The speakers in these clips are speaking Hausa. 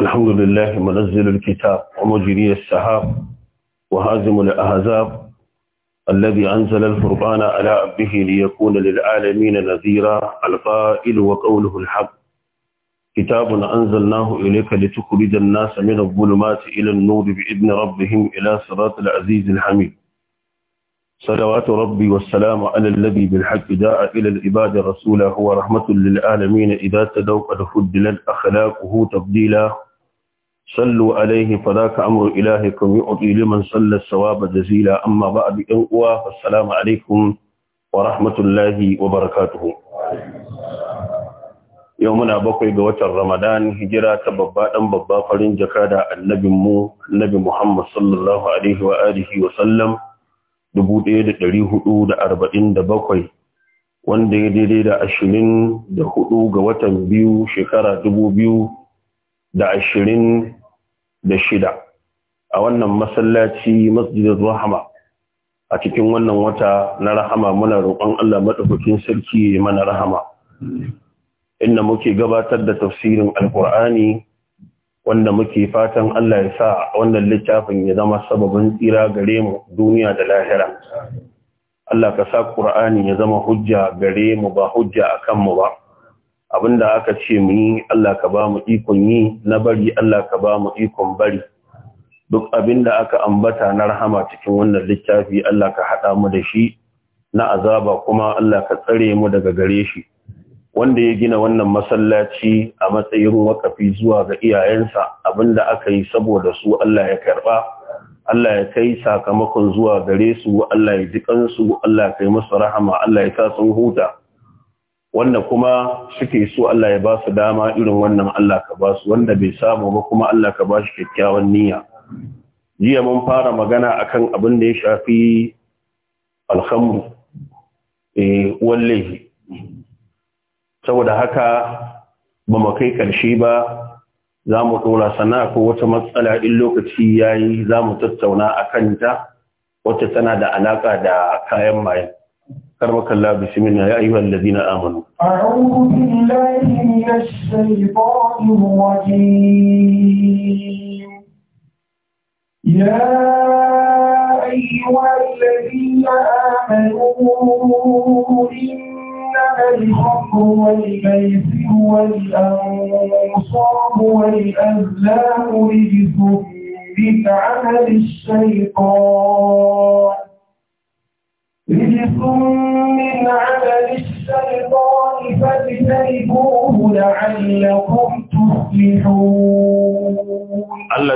الحمد لله منزل الكتاب ومجري السحاب وهازم الأهزاب الذي أنزل الفرقان على عبده ليكون للعالمين نذيرا القائل وقوله الحق كتاب أنزلناه إليك لتخرج الناس من الظلمات إلى النور بإذن ربهم إلى صراط العزيز الحميد صلوات ربي والسلام على الذي بالحق جاء إلى العباد رسولا هو رحمة للعالمين إذا تدوق فدلت أخلاقه تبديلا sallu alaihi fa za ka amuru ilahi kun yi oƙi liman sallar sawaba da amma ba a bi uwa assalamu alaikum wa rahmatullahi wa barakatuhu yau muna bakwai ga watan ramadan hijira ta babba ɗan babba farin jaka da annabin mu annabi muhammad sallallahu alaihi wa alihi wa sallam 1447 ɗaya ɗari da da bakwai wanda ya daidai da ashirin da hudu ga watan biyu shekara dubu biyu da ashirin da shida a wannan masallaci masjidin rahama a cikin wannan wata na rahama muna roƙon Allah maɗaukakin sarki ya mana rahama inda muke gabatar da tafsirin alkur'ani wanda muke fatan Allah ya sa wannan littafin ya zama sababin tsira gare mu duniya da lahira Allah ka sa Qur'ani ya zama hujja gare mu ba hujja akan mu ba abinda aka ce mu yi Allah ka ba mu ikon yi na bari Allah ka ba mu ikon bari duk abinda aka ambata na rahama cikin wannan littafi Allah ka haɗa mu da shi na azaba kuma Allah ka tsare mu daga gare shi wanda ya gina wannan masallaci a matsayin wakafi zuwa ga iyayensa abinda aka yi saboda su Allah ya karba Allah ya kai sakamakon zuwa gare su Allah ya ji kansu Allah ya kai musu rahama Allah ya sa sun huta wanda kuma suke so Allah ya ba su dama irin wannan Allah ka ba su wanda bai samu ba kuma Allah ka ba shi kyakkyawan niyya jiya mun fara magana akan abin da ya shafi alhamdu eh wallahi saboda haka ba mu kai ƙarshe ba za mu ɗora sana ko wata matsala in lokaci yayi za mu tattauna a kanta wacce tana da alaƙa da kayan mayen. تبارك الله بسم الله يا أيها الذين آمنوا أعوذ بالله من الشيطان الرجيم يا أيها الذين آمنوا إنما الخمر والميسر والأنصاب والأزلام رجس من عمل الشيطان Allah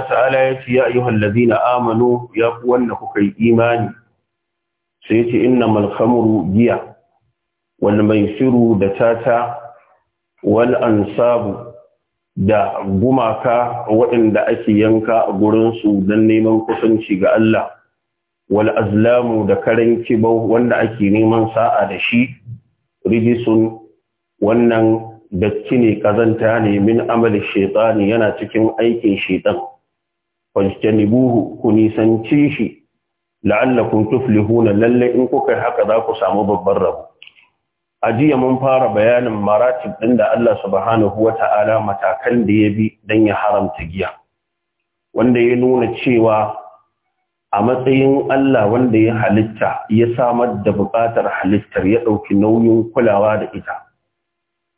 ta'ala ya ce, Ya ayyuhan lazina amano ya fi wanda kuka yi imani, sai ce ina malhamuru giya, wani mai shiru da tata, wani an sabu da gumaka waɗanda ake yanka a gurinsu don neman kusanci ga Allah. wal azlamu da karen kibau wanda ake neman sa'a da shi rijisun wannan datti ne kazanta ne min amali shaitani yana cikin aikin shaitan fajtanibuhu ku nisanci shi la'allakum tuflihuna lalle in kuka haka za ku samu babban rabo a jiya mun fara bayanin maratib ɗin da Allah subhanahu wata'ala matakan da ya bi don ya haramta giya, wanda ya nuna cewa a matsayin Allah wanda ya halitta ya samar da buƙatar halittar ya ɗauki nauyin kulawa da ita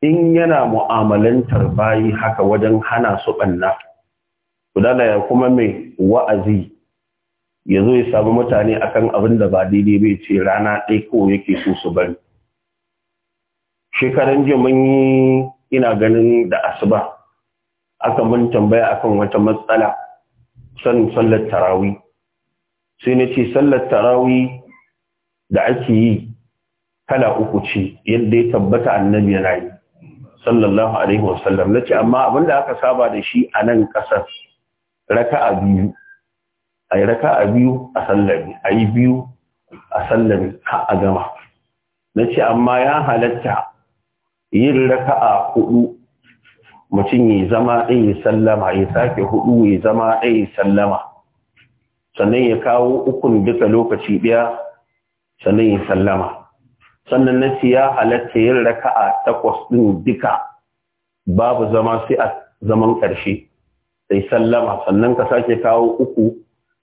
in yana mu'amalantar bayi haka wajen hana su ɓanna kudala ya kuma mai wa'azi ya zo ya sami mutane a kan abin da ba daidai bai ce rana ɗaya ko yake so su bari shekaran jiya mun yi ina ganin da asuba aka mun tambaya akan wata matsala son sallar tarawih sai na ce sallar tarawi da ake yi kala uku ce yadda ya tabbata annabi yana yi sallallahu alaihi wasallam na ce amma abinda aka saba da shi a nan ƙasar raka a biyu a yi raka a biyu a sallami a yi biyu a sallami har a gama na ce amma ya halatta yin raka a hudu mutum ya zama ɗaya sallama ya sake hudu ya zama ɗaya sallama sannan ya kawo ukun duka lokaci ɗaya sannan ya sallama sannan na ya halatta yin raka'a takwas ɗin duka babu zama sai a zaman ƙarshe sai sallama sannan ka sake kawo uku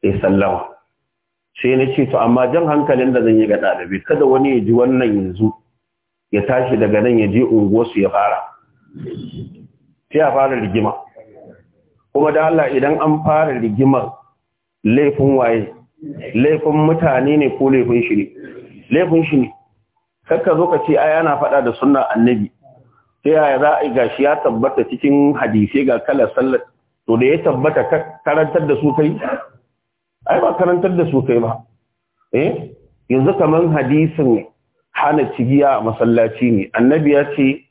sai sallama sai na ce to amma jan hankalin da zan yi ga ɗalibi kada wani ya ji wannan yanzu ya tashi daga nan ya je unguwarsu ya fara sai a fara rigima kuma da Allah idan an fara rigimar laifin waye laifin mutane ne ko laifin shi laifin shi ne kakka zo ka ce aya yana faɗa da sunna annabi ta yaya za a yi gashi ya tabbata cikin hadisi ga kala sallar to da ya tabbata karantar da su kai ai ba karantar da su kai ba eh yanzu kaman hadisin hana cigiya a masallaci ne annabi ya ce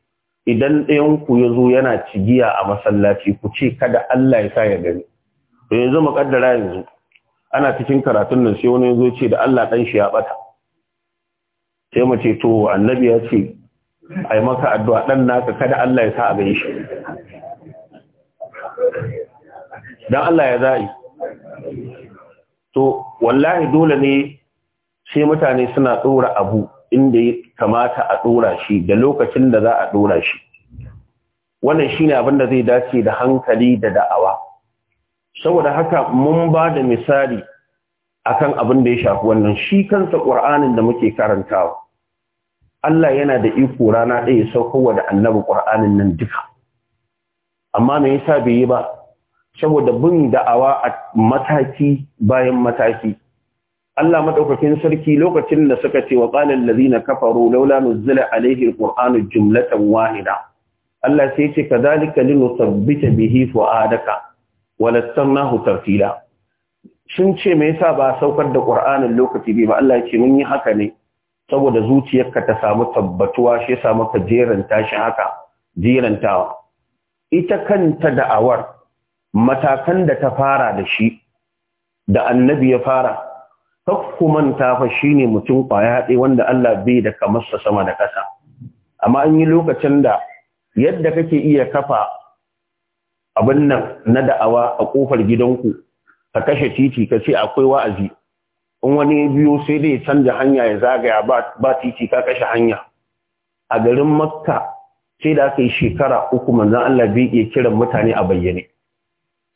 idan ɗayan ku ya zo yana cigiya a masallaci ku ce kada Allah ya sa ya gani to yanzu mu kaddara yanzu ana cikin karatun nan sai wani zo ce da Allah dan shi ya bata sai mu ce to annabi ya ce ai maka addu'a dan naka kada Allah ya sa a gani shi dan Allah ya zai to wallahi dole ne sai mutane suna tsora abu inda ya kamata a tsora shi da lokacin da za a tsora shi wannan shine abin da zai dace da hankali da da'awa saboda haka mun ba da misali akan abin da ya shafi wannan shi kansa ƙur'anin da muke karantawa Allah yana da iko rana ɗaya saukowa da annabi ƙur'anin nan duka amma me yasa bai yi ba saboda bin da'awa a mataki bayan mataki Allah madaukakin sarki lokacin da suka ce wa qala allazina kafaru laula nuzila alaihi alqur'anu jumlatan wahida Allah sai ce kadhalika linusabbita bihi fu'adaka walastarnahu tartila shin ce me yasa ba saukar da Qur'anin lokaci bai ba Allah ce mun yi haka ne saboda zuciyarka ta samu tabbatuwa shi yasa maka jeranta shi haka jerantawa ita kanta da'awar matakan da ta fara da shi da annabi ya fara ta tafa shine mutum kwaya ɗaya wanda Allah bai da kamar sa sama da ƙasa amma an yi lokacin da yadda kake iya kafa abin nan na da'awa a kofar gidanku ka kashe titi ka ce akwai wa'azi in wani ya biyo sai dai canza hanya ya zagaya ba titi ka kashe hanya a garin makka sai da aka yi shekara uku manzan Allah bai iya kiran mutane a bayyane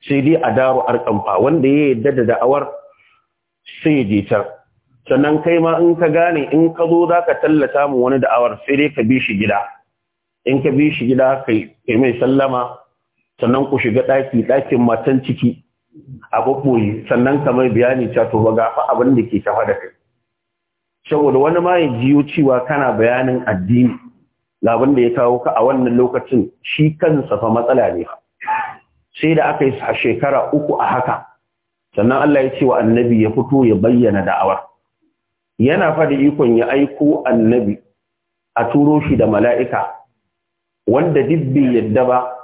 sai dai a daro arkamfa wanda ya yadda da da'awar sai je can sannan kai ma in ka gane in ka zo za ka tallata mu wani da'awar sai dai ka bi shi gida in ka bi shi gida kai mai sallama sannan ku shiga ɗaki ɗakin matan ciki a ɓaɓɓoyi sannan kamar bayani cewa to ba gafa abin da ke tafa da kai saboda wani ma ya jiyo cewa kana bayanin addini labin da ya kawo ka a wannan lokacin shi kansa fa matsala ne sai da aka yi a shekara uku a haka sannan Allah ya ce wa annabi ya fito ya bayyana da'awar yana fada ikon ya aiko annabi a turo shi da mala'ika wanda dibbi yadda ba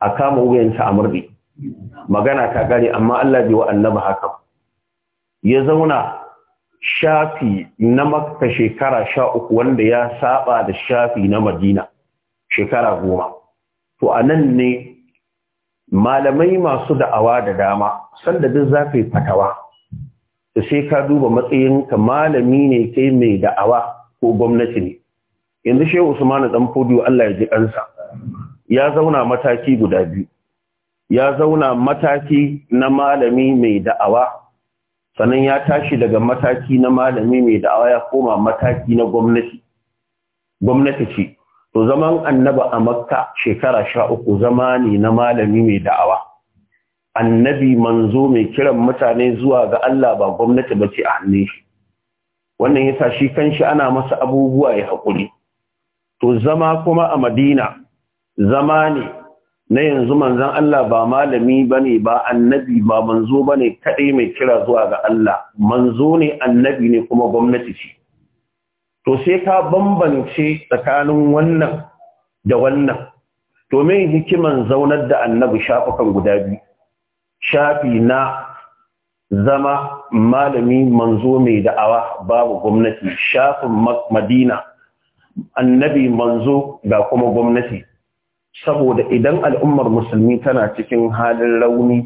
a kama wuyansa a murdi magana ta gare amma Allah bai wa annaba haka ya zauna shafi na makka shekara sha uku wanda ya saba da shafi na madina shekara goma to a nan ne malamai masu da'awa da dama sanda duk za ka yi fatawa da sai ka duba matsayin ka malami ne kai mai da'awa ko gwamnati ne yanzu shehu usmanu dan fodiyo Allah ya ji kansa ya zauna mataki guda biyu ya zauna mataki na malami mai da'awa sannan ya tashi daga mataki na malami mai da'awa ya koma mataki na gwamnati gwamnati ce to zaman annaba a makka shekara sha uku zama ne na malami mai da'awa annabi manzo mai kiran mutane zuwa ga Allah ba gwamnati ba ce a hannun shi wannan ya yasa shi kanshi ana masa abubuwa ya haƙuri to zama kuma a madina zama ne na yanzu manzan Allah ba malami ba ne ba annabi ba manzo ba ne kaɗai mai kira zuwa ga Allah manzo ne annabi ne kuma gwamnati ce to sai ka bambance tsakanin wannan da wannan domin hikiman zaunar da annabi shafukan guda biyu shafi na zama malami manzo mai da'awa babu gwamnati shafin madina annabi manzo ga kuma gwamnati saboda idan al'ummar musulmi tana cikin halin rauni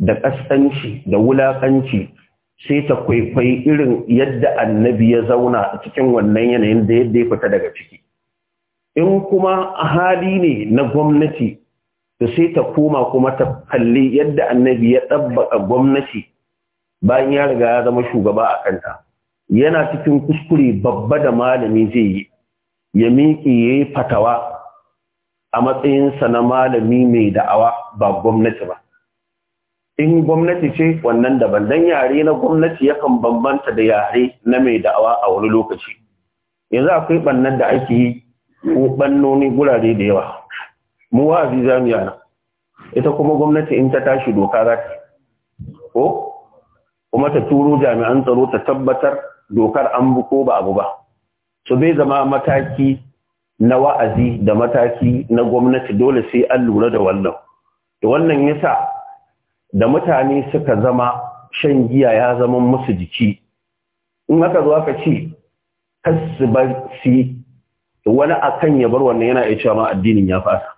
da ƙasƙanci da wulaƙanci sai ta kwaikwai irin yadda annabi ya zauna a cikin wannan yanayin da yadda ya fita daga ciki in kuma hali ne na gwamnati da sai ta koma kuma ta kalli yadda annabi ya ɗabbaƙa gwamnati bayan ya riga ya zama shugaba a kanta yana cikin kuskure babba da malami zai yi ya miƙe ya yi fatawa a matsayinsa na malami mai da'awa ba gwamnati ba in gwamnati ce wannan daban dan yare na gwamnati yakan bambanta da yare na mai da'awa a wani lokaci yanzu akwai bannan da ake yi ko bannoni gurare da yawa mu wa azizamiya na ita kuma gwamnati in ta tashi doka za ta ko kuma ta turo jami'an tsaro ta tabbatar dokar an bu ko ba abu ba su bai zama mataki na wa'azi da mataki na gwamnati dole sai an lura da wannan da wannan yasa da mutane suka zama shan giya ya zama musu jiki in aka zo aka ce kasu ba si wani akan ya bar wannan yana iya cewa ma addinin ya fasa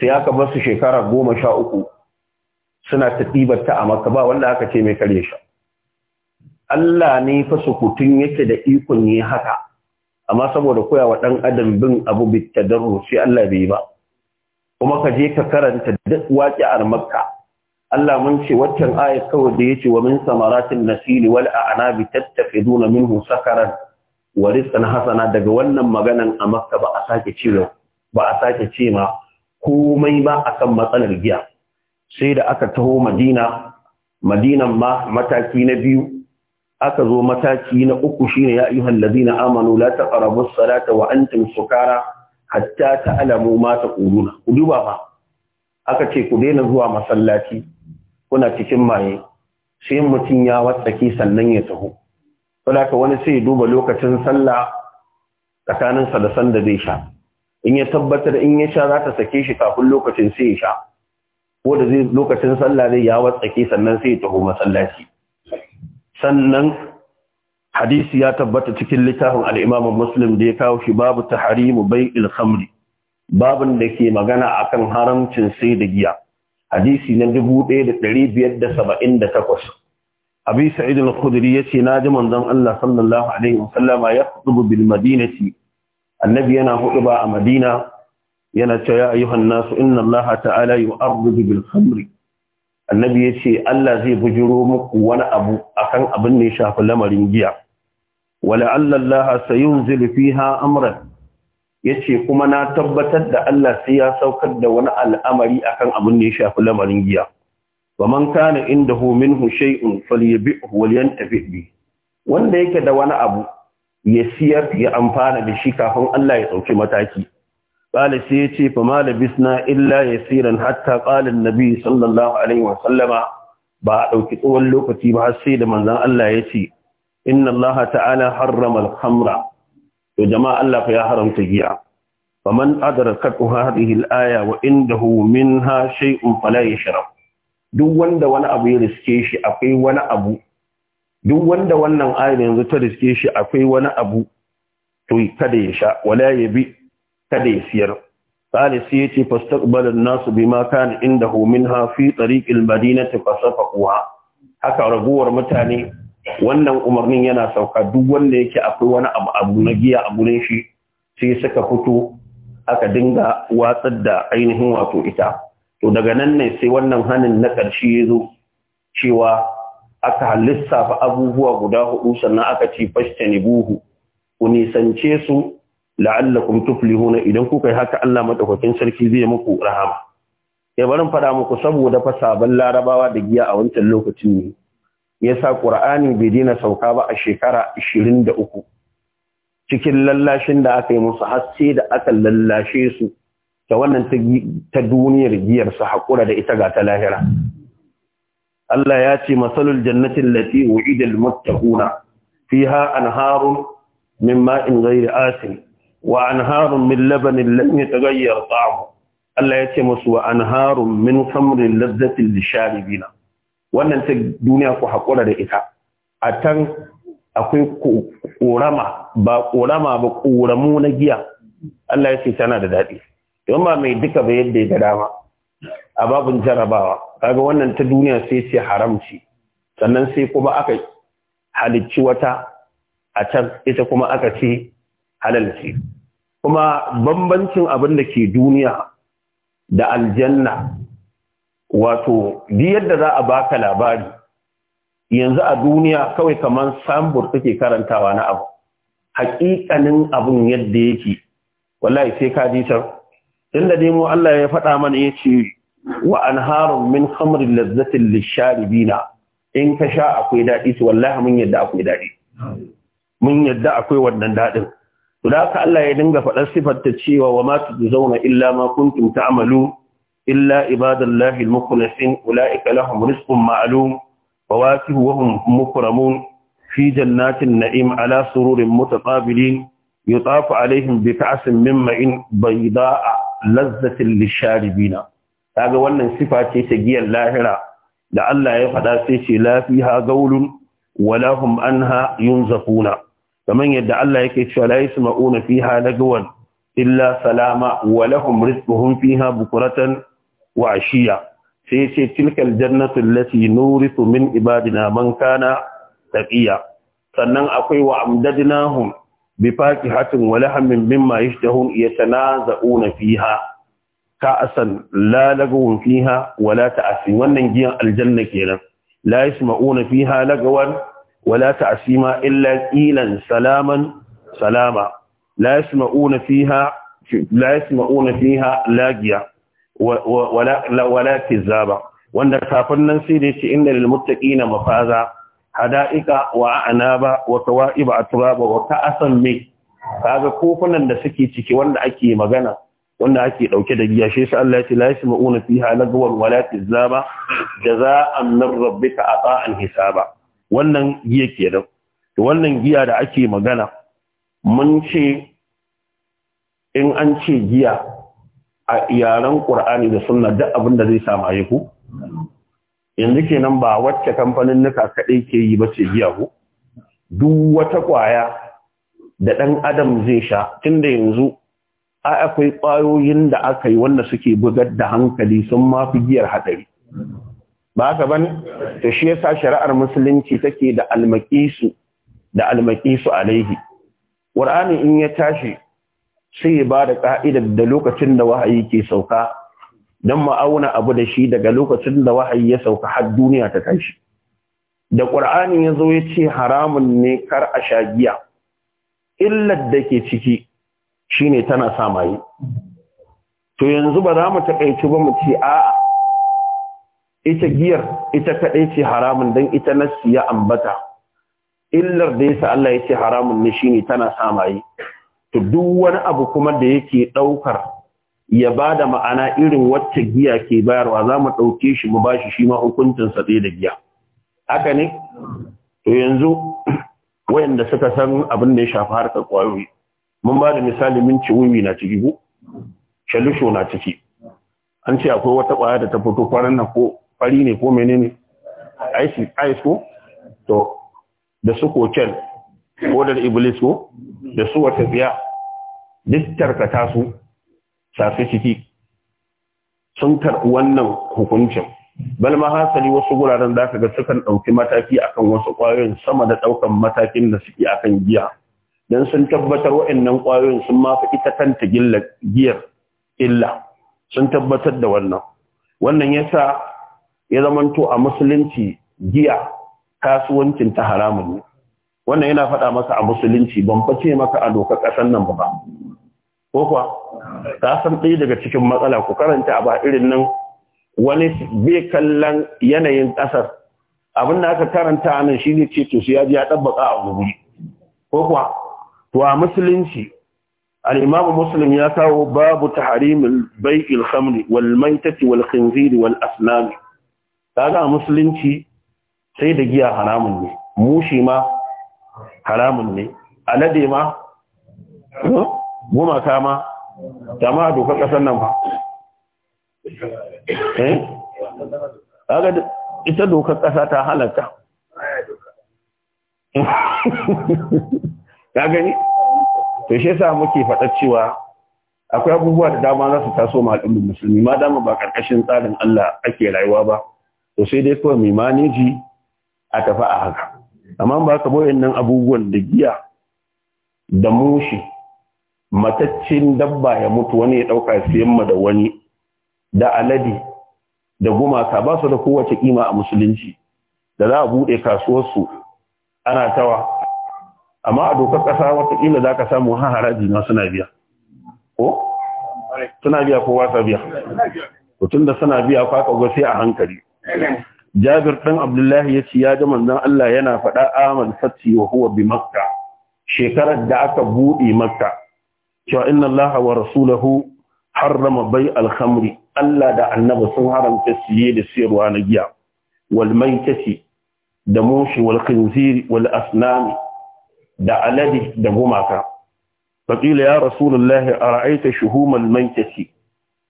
sai aka bar su shekara goma sha uku suna ta ɗibarta a maka ba wanda aka ce mai karye sha Allah ne fasa kutun yake da ikon yi haka amma saboda koya wa ɗan adam bin abu bitadarru sai Allah bai ba kuma ka je ka karanta duk a makka Allah mun ce waccan ayat kawai da yace wa min samaratin nasili wal a'nabi tattafiduna minhu sakaran wa rizqan hasana daga wannan maganan a makka ba a sake cire ba a sake ce ma komai ba akan matsalar giya sai da aka taho madina madinan ma mataki na biyu aka zo mataki na uku shine ya ayyuhal ladina amanu la taqrabu as-salata wa antum sukara hatta ta'lamu ma taquluna ku duba fa aka ce ku daina zuwa masallaci kuna cikin maye sai mutum ya watsaki sannan ya taho ka wani sai duba lokacin sallah tsakanin sa da sanda zai sha in ya tabbatar in ya sha za ta sake shi kafin lokacin sai ya sha ko da zai lokacin sallah zai ya watsake sannan sai ya taho masallaci sannan hadisi ya tabbata cikin littafin al'imamin muslim da ya kawo shi babu ta harimu bai ilhamri babin da ke magana akan haramcin sai da giya hadisi na 1578 abi sa'id al-khudri na ji manzon Allah sallallahu alaihi wasallama ya khutubu bil madinati annabi yana ba a madina yana cewa ya ayyuhan nasu inna Allah ta'ala yu'arridu bil khamri annabi ya ce Allah zai bujiro muku wani abu akan abin ne shafi lamarin giya wala Allah sayunzilu fiha amran yace kuma na tabbatar da Allah sai ya saukar da wani al'amari akan abin da shafi lamarin giya waman kana indahu minhu shay'un falyabi'hu walyantafi bi wanda yake da wani abu ya siyar ya amfana da shi kafin Allah ya dauki mataki قال سيتي فما لبسنا إلا يسيرا حتى قال النبي صلى الله عليه وسلم بعد كتوى اللوكتي مع السيد من ذا الله يتي إن الله تعالى حرم الخمر وجماع الله فيا حرم تجيع فمن أدركته هذه الآية وعنده منها شيء فلا يشرب duk wanda wani abu ya riske shi akwai wani abu duk wanda wannan ayar yanzu ta riske shi akwai wani abu to kada ya sha wala ya bi kada ya siyar قال سيتي nasu inda homin كان عنده منها في طريق المدينة فسفقوها haka raguwar mutane wannan umarnin yana sauka duk wanda yake akwai wani abu abu na giya a gurin shi sai suka fito aka dinga watsar da ainihin wato ita to daga nan ne sai wannan hanin na ƙarshe ya zo cewa aka lissafa abubuwa guda hudu sannan aka ce buhu, ku nisance su la'allakum tuflihuna idan kuka yi haka Allah madaukakin sarki zai muku rahama ya barin faɗa muku saboda fa sabon larabawa da giya a wancan lokacin ne yasa qur'ani bai dina sauka ba a shekara 23 cikin lallashin da aka yi musu haske da aka lallashe su ta wannan ta duniyar giyar su hakura da ita ga ta lahira Allah ya ce masalul jannati allati wu'ida al-muttaquna fiha anharun min ma'in ghairi asin wa anharun min labanin lam yataghayyar ta'amu Allah ya ce musu wa anharun min khamrin lazzatin lisharibina wannan ta duniya ku hakura da ita a tan akwai ƙorama, ba ƙorama ba koramu na giya Allah ya ce tana da daɗi don ba mai duka ba yadda ya ga dama a babin jarabawa kaga wannan ta duniya sai ce haramci sannan sai kuma aka halicci wata a can ita kuma aka ce halal ce kuma bambancin abin da ke duniya da aljanna wato duk yadda za a baka labari yanzu a duniya kawai kamar sambur take karantawa na abu haƙiƙanin abun yadda yake wallahi sai ka ji can inda dai mu Allah ya faɗa mana ya ce wa anharun min khamrin lazzatin lisharibina in ka sha akwai daɗi to wallahi mun yadda akwai daɗi mun yadda akwai wannan daɗin to da Allah ya dinga faɗar sifar ta cewa wa ma zauna illa ma kuntum ta'malu illa ibadallahi al-mukhlasin ulaika lahum rizqun ma'lum فواكه وهم مكرمون في جنات النعيم على سرور متقابلين يطاف عليهم بكأس من معين بيضاء لذة للشاربين kaga wannan sifa ce ta giyar lahira da Allah ya faɗa sai ce lafiha gaulun wala hum anha yunzafuna kamar yadda Allah yake cewa la yasma'una fiha lagwan illa salama wa lahum rizquhum fiha bukuratan wa ashiya sai yace tilkal jannatu allati nurithu min ibadina man kana taqiya sannan akwai wa amdadnahum bi faqihatin wa lahmin mimma yashtahun yatanaza'una fiha ka'asan la lagwan fiha wa la ta'asi wannan giyan aljanna kenan la yasma'una fiha lagwan wala ta'sima illa qilan salaman salama la yasma'una fiha la yasma'una fiha lagiya wala wala kizaba wanda kafin nan sai da yace inna lil muttaqina mafaza hada'ika wa anaba wa kawa'iba atraba wa ka'asan mi kaga kofunan da suke ciki wanda ake magana wanda ake ɗauke da giya shi sai Allah ya ce la yasma'una fiha lagwan wala kizaba jazaa'an a rabbika ata'an hisaba wannan giya kenan to wannan giya da ake magana mun ce in an ce giya a yaren ƙur'ani da sunna duk abin da zai samu ayyuku yanzu kenan ba wacce kamfanin nuka kaɗai ke yi ba ce giya ko duk wata kwaya da ɗan adam zai sha tunda yanzu a akwai ƙwayoyin da aka yi wanda suke bugar da hankali sun mafi giyar haɗari ba haka ban to shi yasa shari'ar musulunci take da almaqisu da almaqisu alaihi qur'ani in ya tashi sai ya bada da ka'ida da lokacin da wahayi ke sauka dan ma'auna abu da shi daga lokacin da wahayi ya sauka har duniya ta tashi da qur'ani ya zo ya ce haramun ne kar a shagiya illar da ke ciki shine tana sa maye to yanzu ba za mu takaici ba mu ce a'a ita giyar ita kaɗai ce haramun don ita na siya ambata illar da yasa Allah ya ce haramun ne shine tana samaye to duk wani abu kuma da yake ɗaukar ya ba da ma'ana irin wacce giya ke bayarwa za mu ɗauke shi mu ba shi ma hukuncin sa da giya haka ne to yanzu wayanda suka san abin da ya shafi harkar kwayoyi mun ba da misali ci wiwi na ciki ko shalusho na ciki an ce akwai wata kwaya da ta fito kwanan nan ko fari ne ko menene ice ko to da su kokel, ko da iblis ko da su wata biya duk tarkata su safi ciki sun karɓi wannan hukuncin bal ma hasali wasu guraren da ka ga sukan ɗauki mataki akan wasu ƙwayoyin sama da ɗaukan matakin da suke akan giya don sun tabbatar wa'annan ƙwayoyin sun ma fi ita kanta giyar illa sun tabbatar da wannan wannan yasa ya zamanto a musulunci giya kasuwancin ta haramun ne wannan yana faɗa masa a musulunci ban face maka a dokar ƙasar nan ba ko kuwa ta san ɗaya daga cikin matsala ku karanta a ba irin nan wani bai kallon yanayin ƙasar abin da aka karanta a nan shi ce to ya ji ya ɗabbaka a wuri ko kuwa to a musulunci al'imamu muslim ya kawo babu taharimin bai'il khamri wal maitati wal khinziri wal asnami kaga a musulunci sai da giya haramun ne mushi ma haramun ne alade ma hmm, gumaka ma dama a dokar kasar nan ba eh kaga ita dokar kasa ta halatta Ya gani to shi yasa muke faɗa cewa akwai abubuwa da dama za su taso ma al'ummar musulmi ma dama ba karkashin tsarin Allah ake rayuwa ba to sai dai kawai mai maneji a tafi a haka amma ba ka boye nan abubuwan da giya da mushi mataccin dabba ya mutu wani ya ɗauka siyan ma da wani da alade da gumaka ba su da kowace kima a musulunci da za a buɗe kasuwarsu ana tawa amma a dokar kasa wata kila za ka samu haraji na suna biya ko? suna biya ko wasa biya mutum da suna biya kwakwa sai a hankali Jabir ɗan Abdullahi ya ce ya ji manzon Allah yana faɗa amal Fati wa huwa bi Makka shekarar da aka buɗe Makka cewa inna Allah wa rasulahu harrama bai al-khamri Allah da Annabi sun haramta siye da siyarwa na giya wal maitati da mushi wal khinziri wal asnami da alade da gumaka faƙila ya rasulullahi a ra'aita shuhumal maitati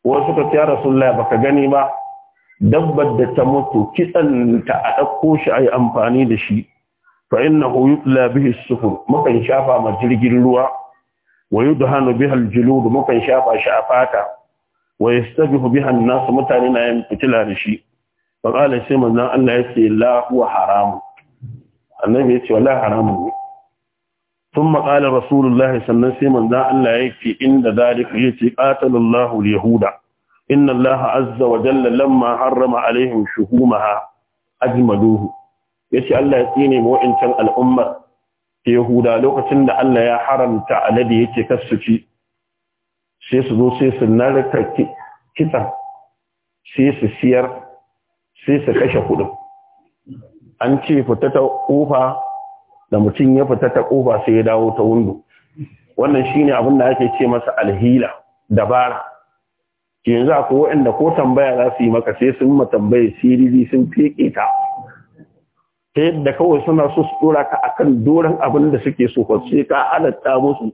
wasu ka ya rasulullahi baka gani ba dabbar da ta mutu kitsan ta a ɗauko shi a yi amfani da shi fa inna hu yutla bihi sufur mukan shafa ma jirgin ruwa wa yudhanu biha aljulud mukan shafa shi a fata wa yastabihu biha an-nas mutane na yin fitila da shi fa qala sai manzon Allah ce la huwa haram annabi yace wala haramun ne ثم قال رسول الله صلى الله عليه وسلم ان الله يكفي عند ذلك يتي قاتل الله inna Allah azza wa jalla lamma harrama alaihim shuhumaha ajmaduhu yace Allah ya tsine mu wa'incan al'ummar Yahuda lokacin da Allah ya haramta alade yake ci, sai su zo sai su narka kitsa sai su siyar sai su kashe kudin an ce fita ta kofa da mutum ya fita ta kofa sai ya dawo ta windo wannan shine abin da ake ce masa alhila dabara yanzu akwai waɗanda ko tambaya za su yi maka sai sun ma matambaye siriri sun feke ta ta yadda kawai suna so su dora ka kan doron abin da suke so sai ka halatta musu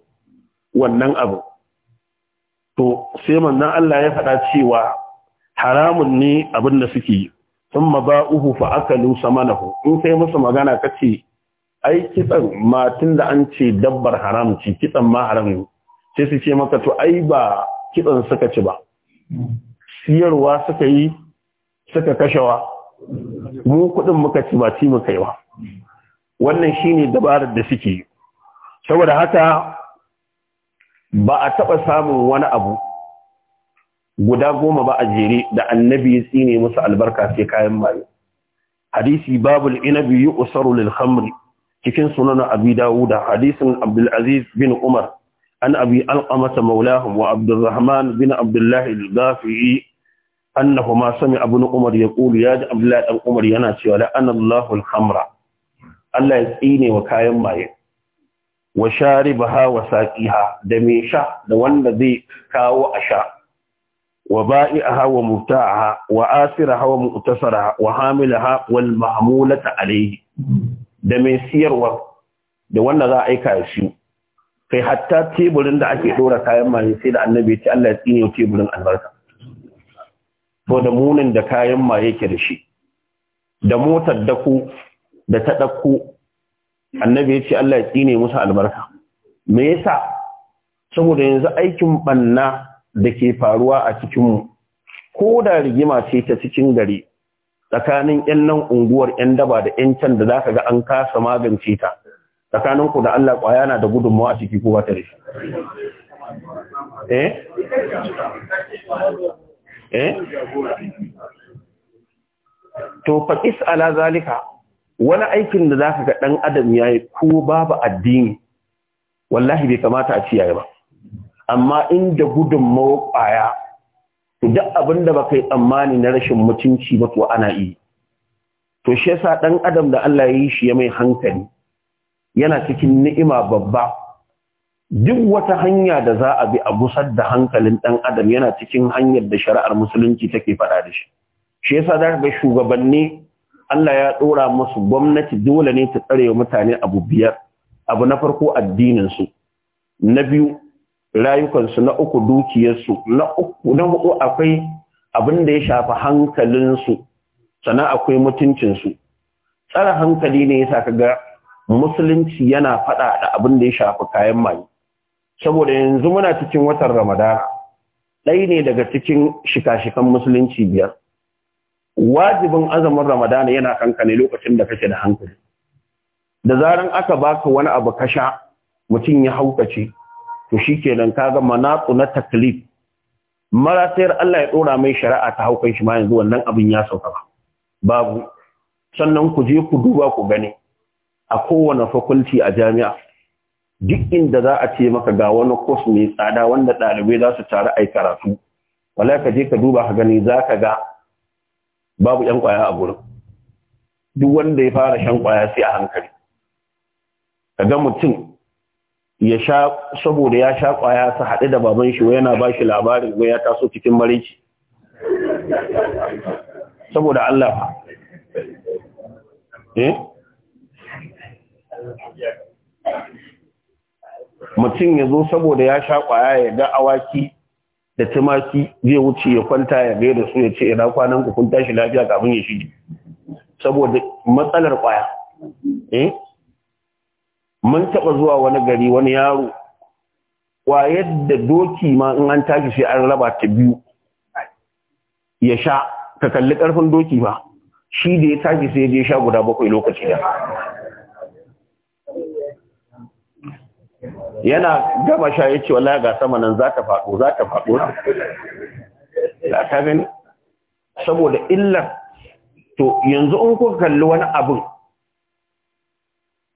wannan abu to sai manzon Allah ya faɗa cewa haramun ne abin da suke yi sun ba uhu fa aka akalu samanahu in sai musu magana ka ce ai kitsan matun da an ce dabbar haram ce kitsan ma haram ne sai su ce maka to ai ba kitsan suka ci ba siyarwa suka yi suka kashewa mu kuɗin muka ci ba ci muka yi ba wannan shine dabarar da suke yi saboda haka ba a taɓa samun wani abu guda goma ba a jere da annabi ya tsine musu albarka sai kayan maye hadisi babul inabi yu'saru lil khamri cikin sunan abi dawuda hadisin abdul aziz bin umar an abi alqamata maulahum wa bin Abdullahi al-ghafi'i annahuma sami abun umar yaqulu ya ji abdullah Ɗan umar yana cewa la anallahu al Allah ya tsine wa kayan maye wa sharibaha wa saqiha da me sha da wanda zai kawo a sha وبائعها ومبتاعها وآثرها ومؤتسرها وحاملها والمعمولة عليه da mai siyarwa da wanda za a aika shi kai hatta teburin da ake dora kayan maye sai da annabi ce Allah ya tsine teburin albarka to da munin da kayan maye ke da shi da motar dako da ta dako annabi ya ce Allah ya tsine musu albarka me yasa saboda yanzu aikin banna da ke faruwa a cikin mu ko da rigima ce ta cikin gari tsakanin 'yan nan unguwar 'yan daba da 'yan can da zaka ga an kasa magance ta tsakaninku da Allah ƙwaya na da gudunmawa a ciki ko ba ta rishi eh eh to faƙis ala zalika wani aikin da za ka ga ɗan adam ya yi ko babu addini wallahi bai kamata a ciyaye ba amma inda gudun mawaƙwaya duk abin da ba yi tsammani na rashin mutunci ba ana yi to shi yasa ɗan adam da Allah ya yi shi ya mai hankali yana cikin ni'ima babba duk wata hanya da za a bi a gusar da hankalin ɗan adam yana cikin hanyar da shari'ar musulunci take faɗa da shi shi yasa da ga shugabanni Allah ya ɗora musu gwamnati dole ne ta tsare mutane abu biyar abu na farko addinin su na biyu rayukansu na uku dukiyarsu na uku na hudu akwai abin da ya shafi hankalinsu sannan akwai mutuncinsu tsara hankali ne yasa ka ga musulunci yana faɗa da abin da ya shafi kayan mai saboda yanzu muna cikin watan ramadana ɗaya ne daga cikin shika-shikan musulunci biyar wajibin azumin ramadana yana kankane lokacin da kake da hankali da zaran aka baka wani abu ka sha mutum ya haukace to shikenan kaga manatsu na taklif marasayar Allah ya dora mai shari'a ta haukan shi ma yanzu wannan abin ya sauka babu sannan ku je ku duba ku gani. a kowane fakulti a jami'a duk inda za a ce maka ga wani kos mai tsada wanda ɗalibai za su taru ai karatu wala ka je ka duba ka gani za ka ga babu yan kwaya a gurin duk wanda ya fara shan kwaya sai a hankali ka ga mutum ya sha saboda ya sha kwaya su haɗu da baban shi wa yana ba shi labarin ya taso cikin mareci saboda Allah eh mutum ya zo saboda ya sha kwaya ya ga awaki da tumaki zai wuce ya kwanta ya gaida da su ya ce ina kwanan ku tashi lafiya kafin ya shige saboda matsalar kwaya eh mun taba zuwa wani gari wani yaro ƙwayar da doki ma in an tashi sai an raba ta biyu ya sha ka kalli karfin doki ba shi da ya tashi sai ya je sha guda bakwai lokaci da yana gama sha ya ce wallahi ga sama nan za ta faɗo za ta faɗo za ta gani saboda illar to yanzu in kuka kalli wani abin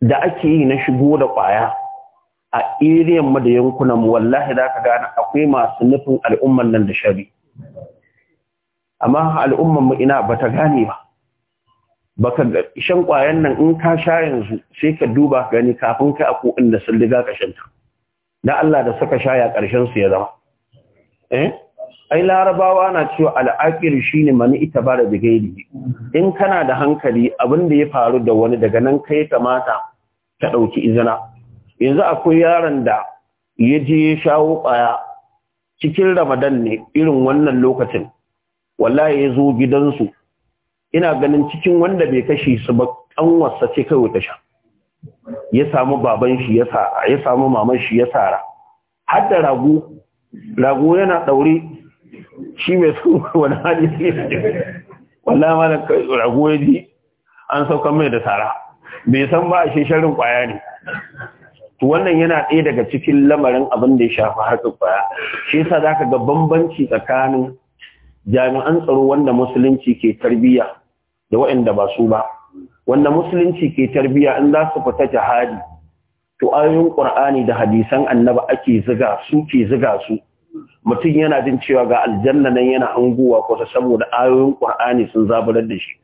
da ake yi na shigo da ƙwaya a iriyan mu da yankunan mu wallahi za ka gane akwai masu nufin al'umman nan da shari amma al'umman mu ina ba ta gane ba baka ga shan kwayan nan in ka sha yanzu sai ka duba gani kafin kai aku inda sun riga ka shanta da Allah da saka shaya ya karshen su ya zama eh ai larabawa na cewa al-aqir shine mani ita ba da gairi in kana da hankali abin da ya faru da wani daga nan kai kamata ka dauki izina yanzu akwai yaron da ya je ya shawo kwaya cikin Ramadan ne irin wannan lokacin wallahi ya zo gidansu ina ganin cikin wanda bai kashe su ba kanwarsa ce kai ta sha ya samu baban shi ya sa ya samu maman shi ya sara har da rago rago yana daure shi mai su wani hali wallahi da rago ya ji an sauka mai da sara bai san ba a shesharin kwaya ne to wannan yana ɗaya daga cikin lamarin abin da ya shafi harkar kwaya shi yasa zaka ga bambanci tsakanin jami'an tsaro wanda musulunci ke tarbiyya da waɗanda ba su ba wanda musulunci ke tarbiya in za su fita jihadi to ayoyin qur'ani da hadisan annaba ake ziga su ke ziga su mutum yana jin cewa ga aljanna nan yana anguwa ko saboda ayoyin qur'ani sun zaburar da shi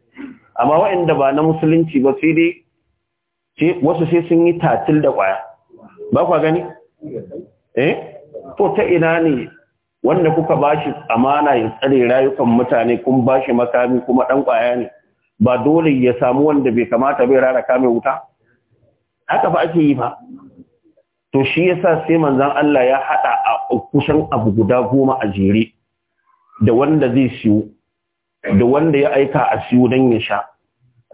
amma waɗanda ba na musulunci ba sai dai wasu sai sun yi tatil da ƙwaya ba kwa gani eh to ta ina ne wanda kuka bashi amana ya tsare rayukan mutane kun bashi makami kuma dan kwaya ne ba dole ya samu wanda bai kamata bai rara kame wuta haka ba ake yi ba to shi yasa sai manzon Allah ya haɗa a kusan abu guda goma a jere da wanda zai siyo da wanda ya aika a siyo dan ya sha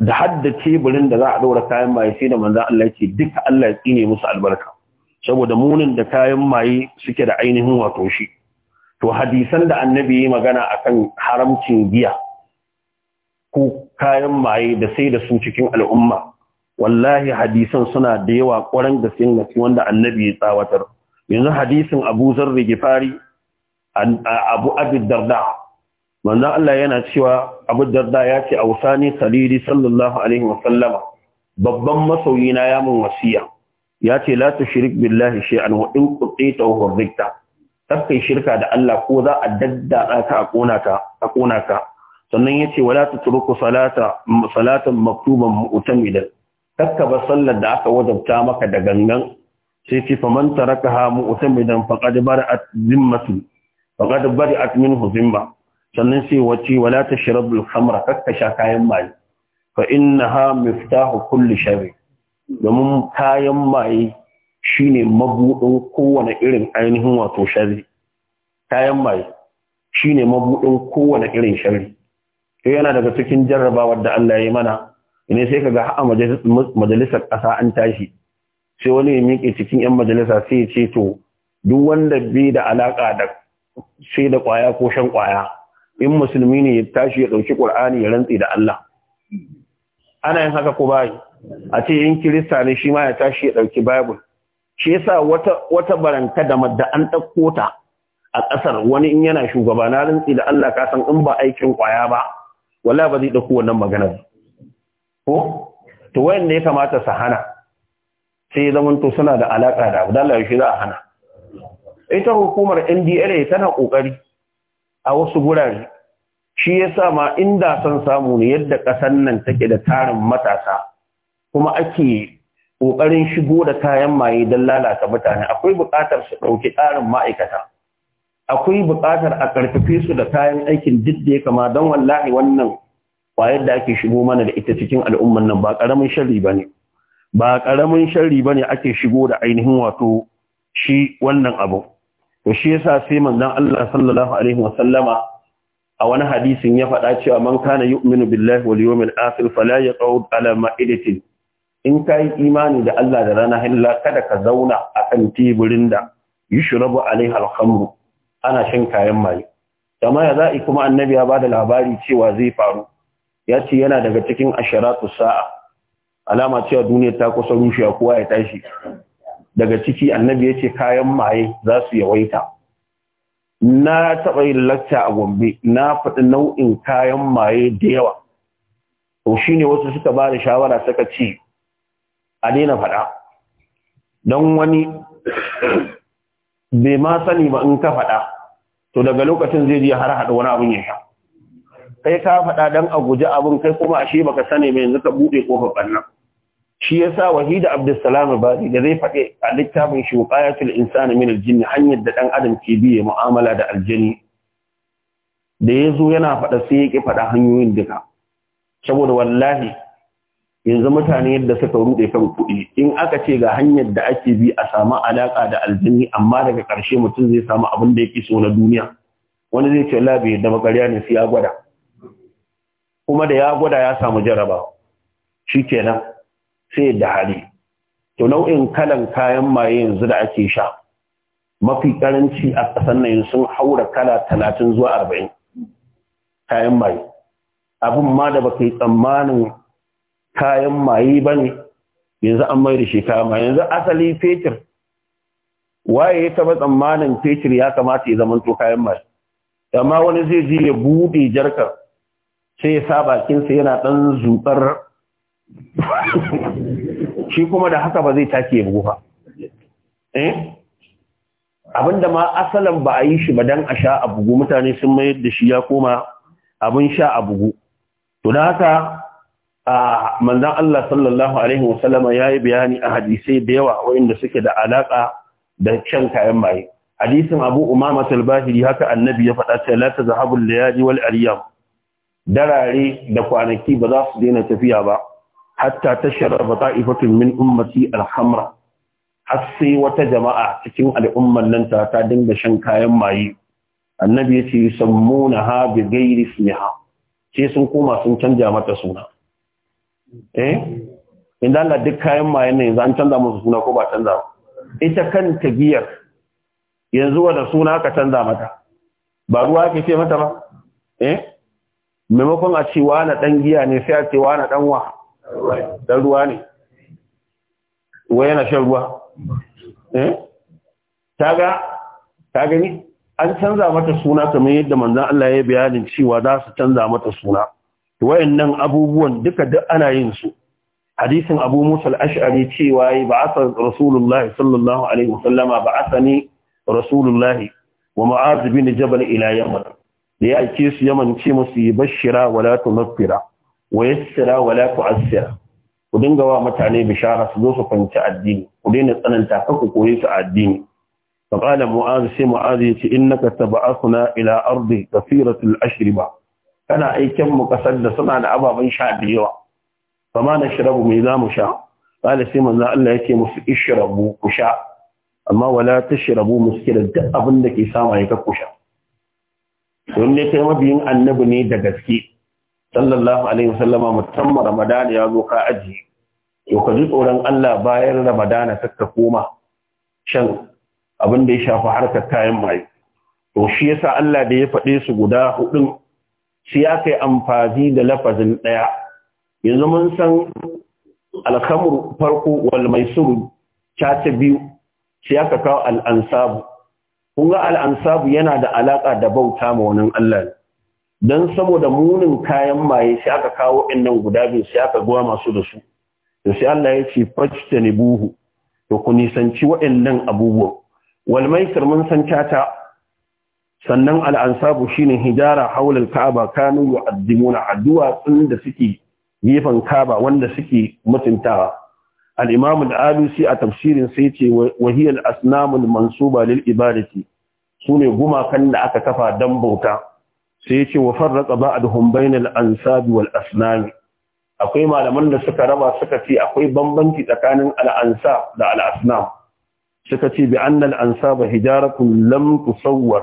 da hadda teburin da za a daura kayan maye sai da manzon Allah yake duka Allah ya tsine musu albarka saboda munin da kayan maye suke da ainihin wato shi to hadisan da annabi ya magana akan haramcin giya ko kayan maye da sai da su cikin al'umma wallahi hadisan suna da yawa ƙwarar gaskiyar gaske wanda annabi ya tsawatar yanzu hadisin abu zarri gifari abu abu darda manzan Allah yana cewa abu darda ya ce a wasani saliri sallallahu alaihi wasallama babban masauyina ya mun wasiya ya ce la tushrik billahi shay'an wa in qutita shirka da Allah ko za a daddada a ka a kona ka sannan ya ce wala tutruku salata salatan maktuban mu'tamidan ba sallar da aka wajabta maka da gangan sai ce faman tarakaha mu'tamidan faqad bara'at zimmatu faqad bara'at minhu zimma sannan sai wace wala al khamra sha kayan maye fa innaha miftahu kulli shari? domin kayan maye shine mabudin kowane irin ainihin wato shari. kayan maye shine mabudin kowane irin shari. to eh, yana daga cikin jarrabawar da Allah ya yi mana ne sai kaga har a majalisar ƙasa an tashi sai wani ya miƙe cikin ƴan majalisa sai ya ce to duk wanda bai da alaƙa da sai da ƙwaya ko shan ƙwaya in musulmi ne ya tashi ya ɗauki ƙur'ani ya rantse da Allah ana yin haka ko bai a ce in kirista ne shi ma ya tashi ya ɗauki bible shi yasa wata wata baranta da madda an ɗauko ta a ƙasar wani in yana shugaba na rantse da Allah ka san in ba aikin ƙwaya ba wala ba zai dauko wannan maganar ko to wayanda ya kamata su hana sai ya zama to suna da alaƙa da abu dalla shi za a hana ita hukumar ndla tana ƙoƙari a wasu gurare shi yasa ma inda son samu ne yadda ƙasar nan take da tarin matasa kuma ake ƙoƙarin shigo da kayan maye don lalata mutane akwai buƙatar su ɗauki ƙarin ma'aikata akwai buƙatar a ƙarfafe su da kayan aikin duk da ya kama don wallahi wannan ƙwayar da ake shigo mana da ita cikin al'umman nan ba ƙaramin sharri ba ne ba ƙaramin sharri ba ne ake shigo da ainihin wato shi wannan abu to shi yasa sai manzon Allah sallallahu alaihi wa sallama a wani hadisin ya faɗa cewa man kana yu'minu billahi wal yawmil akhir fala yaqud ala ma'idatin in kai imani da Allah da ranar hilla kada ka zauna a kan teburin da yushrabu alaiha al-khamru ana shan kayan maye amma ya za'i kuma annabi ya da labari cewa zai faru ya ce yana daga cikin asharatu sa'a alama cewa duniya ta kusa rushewa kowa ya tashi daga ciki annabi ya ce kayan maye za su yawaita na taɓa yin lacca a gombe na faɗi nau'in kayan maye da yawa to shine wasu suka ba da shawara suka ce a daina faɗa don wani bai ma sani ba in ka faɗa to daga lokacin zai ji har haɗa wani abin ya sha kai ka faɗa dan a guji abin kai kuma ashe baka sani ba yanzu ka buɗe kofar ɓannan shi yasa wahida ba bari da zai faɗe a littafin shi wuqayatul insani min aljinni hanyar da ɗan adam ke biye mu'amala da aljini da yazo yana faɗa sai ya ki faɗa hanyoyin duka saboda wallahi yanzu mutane yadda suka rude kan kuɗi in aka ce ga hanyar da ake bi a samu alaƙa da aljini amma daga ƙarshe mutum zai samu abin da yake so na duniya wani zai ce labe da makarya ne sai ya gwada kuma da ya gwada ya samu jaraba shi kenan sai da hali to nau'in kalan kayan maye yanzu da ake sha mafi karanci a ƙasar nan sun haura kala talatin zuwa arba'in kayan maye abin ma da baka yi tsammanin kayan maye ba ne yanzu an mai da shi kayan maye yanzu asali fetur waye ya taba tsammanin fetur ya kamata ya zama to kayan maye amma wani zai je ya buɗe jarkar sai ya sa bakinsa yana ɗan zuƙar shi kuma da haka ba zai take ya bufa eh abinda ma asalin ba a yi shi ba dan a sha a bugu mutane sun mayar da shi ya koma abin sha a bugu to da haka A'a, manzan Allah sallallahu Alaihi wasallama ya yi bayani a hadisai da yawa waɗanda suke da alaƙa da shan kayan maye. Hadisin Abu Umama Talbahiri haka annabi ya faɗa ce lata zahabul layali wal aryam. Darare da kwanaki ba za su daina tafiya ba. Hatta ta sharaba ta'ifatun min ummati alhamra. Har sai wata jama'a cikin al'umman nan ta ta dinga shan kayan maye. Annabi ya ce sammuna ha bi gairi sun koma sun canja mata suna. eh idan Allah duk kayan mayan ne yanzu an canza musu suna ko ba canza ba ita kanta giyar yanzu wanda suna aka canza mata ba ruwa ake ce mata ba eh maimakon a ce wani dan giya ne sai a ce wani dan wa dan ruwa ne wai yana shan ruwa eh taga ta gani an canza mata suna kamar yadda manzon Allah ya bayanin cewa za su canza mata suna wayannan abubuwan duka duk ana yin su hadisin abu musa al-ash'ari cewa ba asa rasulullah sallallahu alaihi wasallama ba ne rasulullah wa mu'az bin jabal ila yaman da ya aike su yaman ce musu yubashshira wala tunaffira wa yassira wala tu'assira ku dinga wa mutane bishara su zo su fahimci addini ku daina tsananta ku koyi su addini فقال معاذ سي معاذ إنك تبعثنا إلى أرض كثيرة الأشربة kana aikin mu kasar da suna da ababen sha da yawa fama na shirabu mai za mu sha kala sai manzo Allah yake musu ishrabu ku sha amma wala tashrabu muskila duk abin da ke sama ya ku sha don ne kai mabiyin annabi ne da gaske sallallahu alaihi wasallama musamman ramadana ya zo ka aji To ka ji tsoron Allah bayan ramadana ta koma shan abin da ya shafi harkar kayan mai to shi yasa Allah da ya faɗe su guda hudun shi ya kai amfani da lafazin ɗaya yanzu mun san alhamur farko wal maisuru caca biyu shi ya kawo al'ansabu ƙunga al'ansabu yana da alaƙa da bauta ma wannan Allah don saboda munin kayan maye shi aka kawo innan guda biyu shi aka guwa masu da su da shi Allah ya ce fajtanibuhu to ku nisanci waɗannan abubuwan walmaisar mun san caca sannan al'ansabu shine hijara haular ka'aba kanu addimuna a duwatsun da suke gefen kaba wanda suke mutuntawa al da alusi a tafsirin sai ce wahiyal asnamul mansuba lil ibadati sune gumakan da aka kafa dan bauta sai ce wa farraqa ba'dhum bainal ansabi wal asnami akwai malaman da suka raba suka ce akwai bambanci tsakanin al'ansa da al'asnam suka ce bi annal ansaba hijaratun lam tusawwar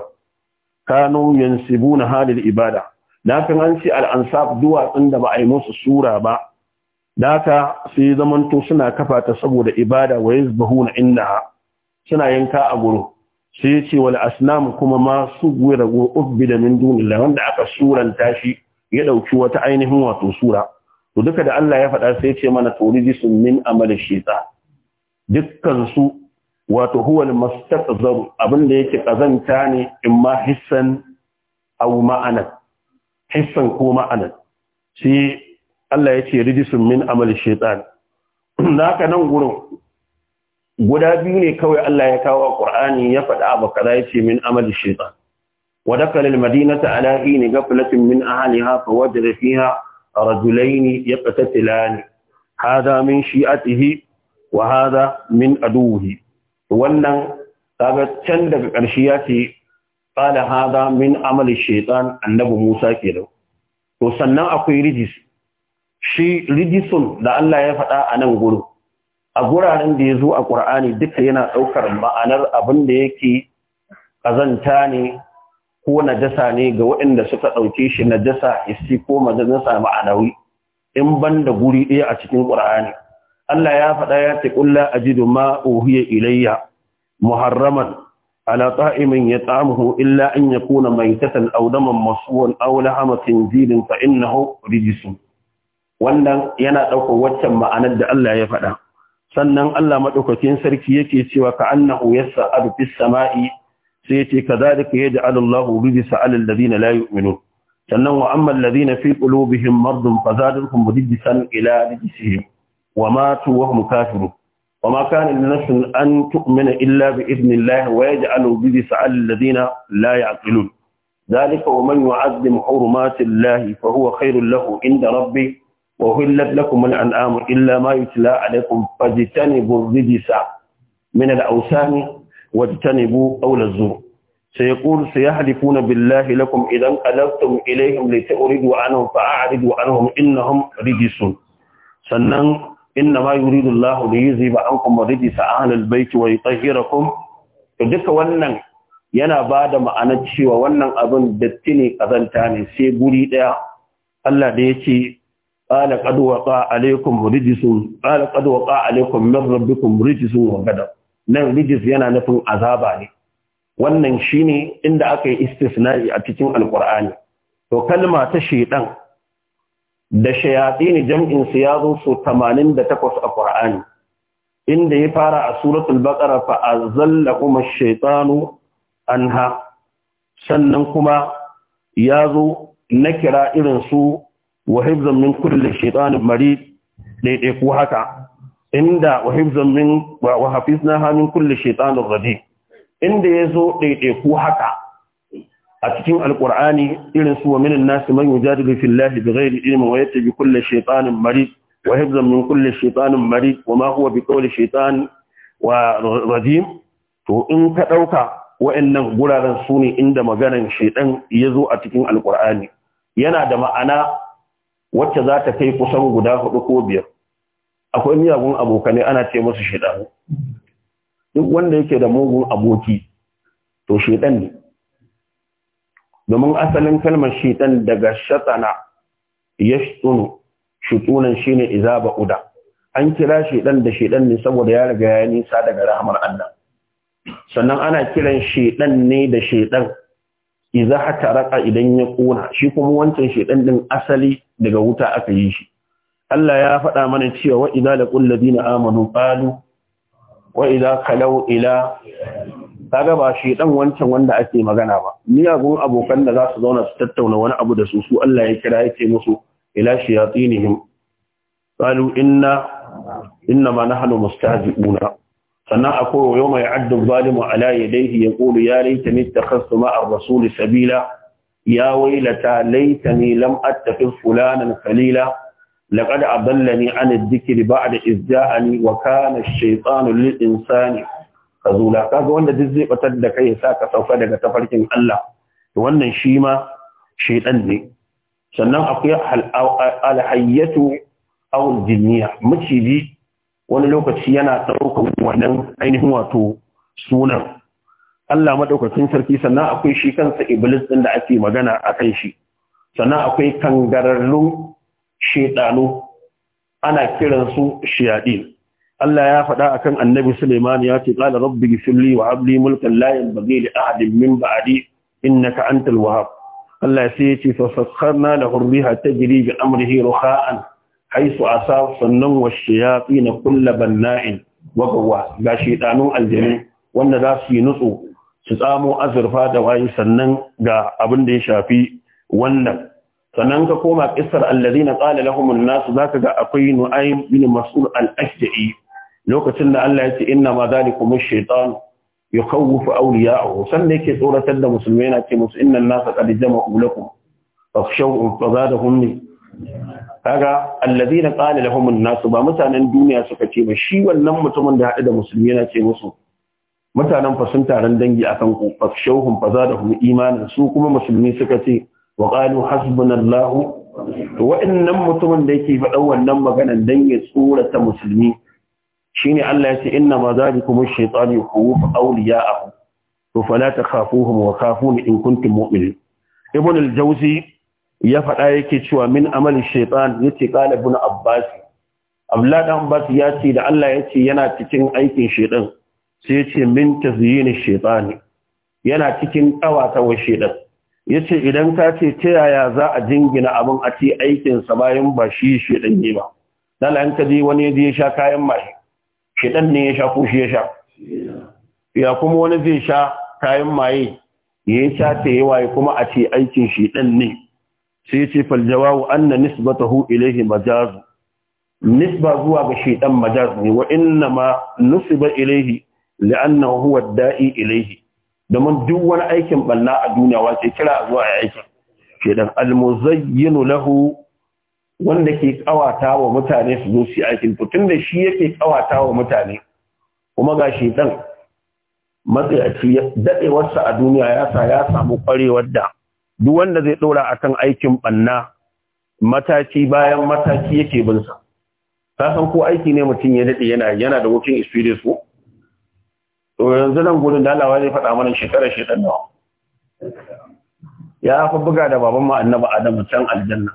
kanu yansibuna halil ibada kan an ci al-ansab duwatsun da ba a yi musu sura ba daka sai zamanto suna kafa ta saboda ibada wa yazbahuna innaha suna yanka a guru sai ya ce wal asnam kuma ma su gura go ubbida min dunillahi wanda aka suran tashi ya dauki wata ainihin wato sura to duka da Allah ya faɗa sai ce mana tawrijisun min amali shaytan dukkan su wato huwa al-mustaqzaru abin da yake kazanta ne in ma hissan aw hissan ko ma'anan sai Allah ya ce min amal shaitan naka nan gurin guda biyu ne kawai Allah ya kawo a Qur'ani ya faɗa abu kaza yace min amal shaitan wa dakala al-madinata ala hini ghaflatin min ahliha fa wajada fiha rajulayn yaqtatilani hada min shi'atihi wa hada min aduwihi wannan kaga can daga ƙarshe ya ce ƙada haza min amali shaitan annabi Musa ke da to sannan akwai rijis shi rijisun da Allah ya faɗa a nan gudu. a guraren da ya zo a ƙur'ani duka yana ɗaukar ma'anar abin da yake ƙazanta ne ko najasa ne ga waɗanda suka ɗauke shi najasa isi ko majalisa ma'anawi in ban da guri ɗaya a cikin ƙur'ani Allah ya faɗa ya ce ƙulla a ji ma ilayya muharraman ala ta'imin ya tsamuhu illa in ya kuna mai tatan audaman masuwan aula hamatin jirin fa innahu rijisun wannan yana ɗaukar waccan ma'anar da Allah ya faɗa sannan Allah maɗaukakin sarki yake cewa ka annahu yas'alu fis sama'i sai yace kadhalika yaj'alu Allahu rijsa 'ala alladhina la minu. sannan wa amma alladhina fi qulubihim maradun fazadatuhum rijsan ila rijsihim وماتوا وهم كافرون وما كان لنفس أن تؤمن إلا بإذن الله ويجعل على الذين لا يعقلون ذلك ومن يعظم حرمات الله فهو خير له عند ربه وهلت لكم الأنعام إلا ما يتلى عليكم فاجتنبوا الرجس من الأوثان واجتنبوا قول الزور سيقول سيحلفون بالله لكم إذا انقلبتم إليهم لتأردوا عنهم فأعرضوا عنهم إنهم رجس سنن inna ma yuridu Allah li yuzhiba ankum rijsa ahlil bait wa yutahhirakum to duka wannan yana bada ma'anar cewa wannan abin datti ne kazanta ne sai guri daya Allah da yake qala qad waqa alaykum rijsun qala qad waqa alaykum min rabbikum rijsun wa nan rijis yana nufin azaba ne wannan shine inda aka yi istisna'i a cikin alqur'ani to kalma ta shedan da shayatin jam'in su ya zo so 88 a Qur'ani inda ya fara a suratul baqara fa azallahum kuma shaytanu anha sannan kuma ya zo na kira irin su wa hifzan min kulli shaytanin marid daidai ku haka inda wa hifzan min wa hafizna min kulli shaytanin radi inda ya zo daidai ku haka a cikin alkur'ani irin su wa minin nasu man yujadilu fillahi bighairi ilmin wa bi kulli shaytanin marid wa hifzan min kulli shaytanin marid wa ma huwa biqawli shaytan wa radim to in ka dauka wa'annan guraren su ne inda maganar shaytan ya zo a cikin alkur'ani yana da ma'ana wacce za ta kai kusan guda hudu ko biyar akwai miyagun abokanai ana ce musu shaytan duk wanda yake da mugun aboki to shaytan ne domin asalin kalmar shitan daga shatana ya shutunu shi shine izaba uda an kira shidan da shidan ne saboda ya riga ya nisa daga rahmar Allah sannan ana kiran shidan ne da shidan idza raka idan ya kona shi kuma wancan shidan din asali daga wuta aka yi shi Allah ya faɗa mana cewa wa idza laqul ladina amanu qalu wa idza kalau ila kaga ba shi dan wancan wanda ake magana ba miyagun abokan da za su zauna su tattauna wani abu da su su Allah ya kira yake musu ila shayatinihim qalu inna inna ma nahnu mustahzi'una sannan akwai yawma ya'addu zalimu ala yadayhi yaqulu ya laitani ittakhadhtu a ar-rasul sabila ya waylata laitani lam attakhidh fulanan khalila laqad adallani 'an adh-dhikri ba'da idh wakana wa kana ash-shaytanu lil-insani kazula kaga wanda duk zai batar da kai ya sa ka sauka daga tafarkin Allah wannan shi ma shedan ne sannan akwai alhayyatu aw jinniya maciji wani lokaci yana ɗaukar wannan ainihin wato sunan Allah madaukakin sarki sannan akwai shi kansa iblis din da ake magana a kan shi sannan akwai kangararrun shedanu ana kiransu shiyadin Allah ya faɗa akan annabi Suleiman ya ce qala rabbi ghfirli wa habli mulkan la yanbaghi li ahadin min ba'di innaka antal wahhab Allah sai ya ce fa sakharna lahu ar-riha tajri bi amrihi ruha'an haythu asaf sannan wash-shayatin kull banna'in wa gawwa ga shaytanun aljani wanda za su yi nutsu su tsamo azurfa da wayi sannan ga abin da ya shafi wannan sannan ka koma kissar alladhina qala lahum an-nas zaka ga akwai nu'aym bin mas'ul al-ashja'i lokacin da Allah ya ce inna ma zalikum ash-shaytan yukhawwifu awliya'ahu sannan yake tsoratar da musulmai yana ce musu inna an-nasa qad jama'u lakum fakhshawhum fazadahum kaga alladhina qala lahum an-nas ba mutanen duniya suka ce ba shi wannan mutumin da haɗu da musulmi yana ce musu mutanen fa sun taron dangi akan ku fakhshawhum fazadahum imanan su kuma musulmi suka ce wa qalu hasbunallahu Wa wa'annan mutumin da yake faɗan wannan maganan dangin ya tsorata musulmi shine Allah ya ce inna ma zalikum ash-shaytanu yukhawwifu awliya'ahu to fala takhafuhum wa khafuni in kuntum mumini ibn al-jawzi ya faɗa yake cewa min amali shaytan yace qala ibn abbas abdullah dan abbas ya ce da Allah ya ce yana cikin aikin shaytan sai ce min tazyin ash yana cikin kawata wa Ya yace idan ka ce ta yaya za a jingina abin a ce aikinsa bayan ba shi shaytan ne ba dan an wani ya je sha kayan mai shedan ne ya sha ko shi ya sha ya kuma wani zai sha kayan maye ya yi sha ta yawa kuma a ce aikin shedan ne sai ya ce faljawawu anna nisbatahu ilaihi majazu nisba zuwa ga shedan majaz ne wa inna ma nusiba ilaihi li'annahu huwa da'i ilaihi domin duk wani aikin banna a duniya wace kira zuwa aikin shedan al-muzayyinu lahu wanda ke kawata wa mutane su zo su aikin to da shi yake kawata wa mutane kuma ga shi dan matsayaci wasu a duniya ya sa ya samu kwarewar da duk wanda zai dora akan aikin banna mataki bayan mataki yake bin sa ka san ko aiki ne mutum ya daɗe yana yana da working experience ko to yanzu nan gurin da Allah zai faɗa mana shekara shedan nawa ya fa buga da baban mu annabi Adamu can aljanna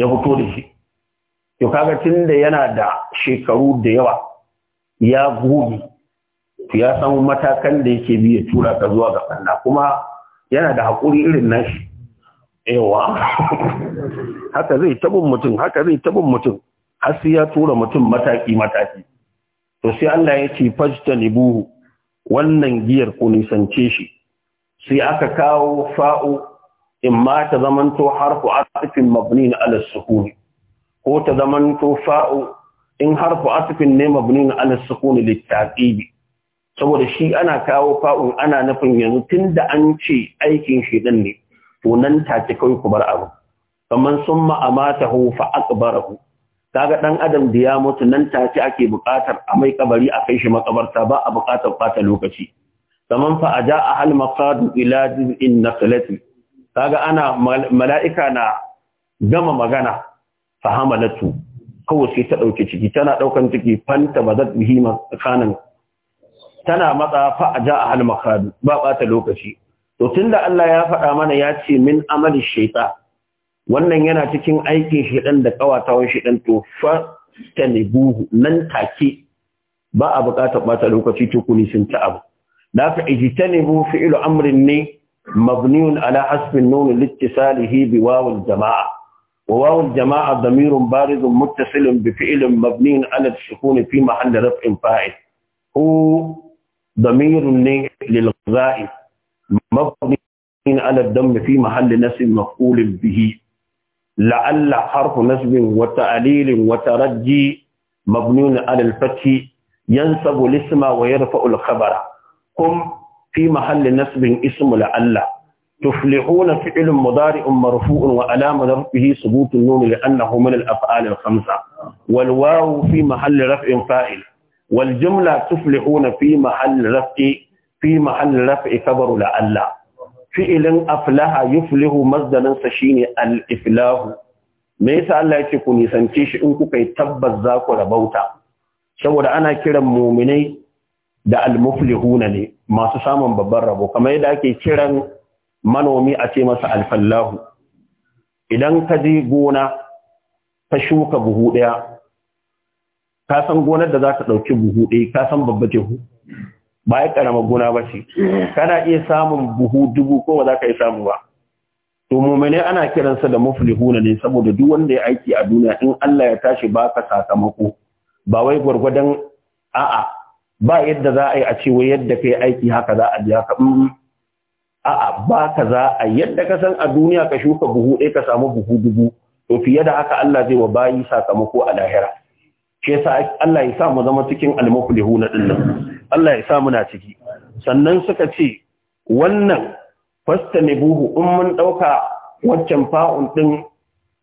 ya fito da shi to kaga tunda yana da shekaru da yawa ya goge ya samu matakan da yake bi ya tura ka zuwa ga Allah kuma yana da haƙuri irin nashi Ewa, haka zai tabin mutum haka zai tabin mutum har sai ya tura mutum mataki mataki to sai Allah ya ce fajtanibuhu wannan giyar ku nisance shi sai aka kawo fa'u in ma ta zamanto harfu asifin mabni na ala sukuni ko ta zamanto fa'u in harfu asifin ne mabni na ala sukuni littaqibi saboda shi ana kawo fa'un ana nufin yanzu tun da an ce aikin shi dan ne to nan take kai ku bar abu kamar sun summa amatahu fa aqbarahu kaga ɗan adam da ya mutu nan take ake buƙatar a mai kabari a kai shi makabarta ba a buƙatar fata lokaci kaman fa a ahal maqadu ila na Salatin. kaga ana mala'ika na gama magana fahamalatu hamalatu kawai sai ta dauke ciki tana daukan ciki fanta bazat bihi makanan tana matsa fa aja al makhad ba bata lokaci to tunda Allah ya faɗa mana ya ce min amali Shaita, wannan yana cikin aikin shaytan da kawatawan shaytan to fa tanibuhu nan take ba a buƙatar bata lokaci to kuni sun ta abu da fa ijtanibu fi'lu amrin ne مبني على حسب النون لاتصاله بواو الجماعة وواو الجماعة ضمير بارد متصل بفعل مبني على السكون في محل رفع فاعل هو ضمير للغائب مبني على الدم في محل نسب مفعول به لعل حرف نسب وتعليل وترجي مبني على الفتح ينسب الاسم ويرفع الخبر قم في محل نسب اسم لعل تفلحون فعل مضارع مرفوع وعلامة رفعه ثبوت النون لأنه من الأفعال الخمسة والواو في محل رفع فاعل والجملة تفلحون في محل رفع في محل رفع خبر لعل فعل أفلح يفلح مصدر سشين الإفلاه me yasa Allah ya ce ku nisance shi in kuka yi tabbas za ku rabauta saboda ana kiran muminai da almuflihuna ne masu samun babban rabo kamar yadda ake kiran manomi a ce masa alfallahu idan ka je gona ka shuka buhu ɗaya ka san gonar da za ta ɗauki buhu ɗaya ka san babba ce ba ya ƙarama gona ba ce kana iya samun buhu dubu ko ba za ka yi samu ba to mumene ana kiransa da muflihuna ne saboda duk wanda ya aiki a duniya in Allah ya tashi baka sakamako ba wai gwargwadon a'a ba yadda za a yi a ce wai yadda kai aiki haka za a biya ka a'a ba ka za a yadda ka san a duniya ka shuka buhu ɗaya ka samu buhu dubu to fiye da haka Allah zai wa bayi sakamako a lahira sa Allah ya sa mu zama cikin na dinnan Allah ya sa muna ciki sannan suka ce wannan fastanibuhu in mun dauka waccan fa'un din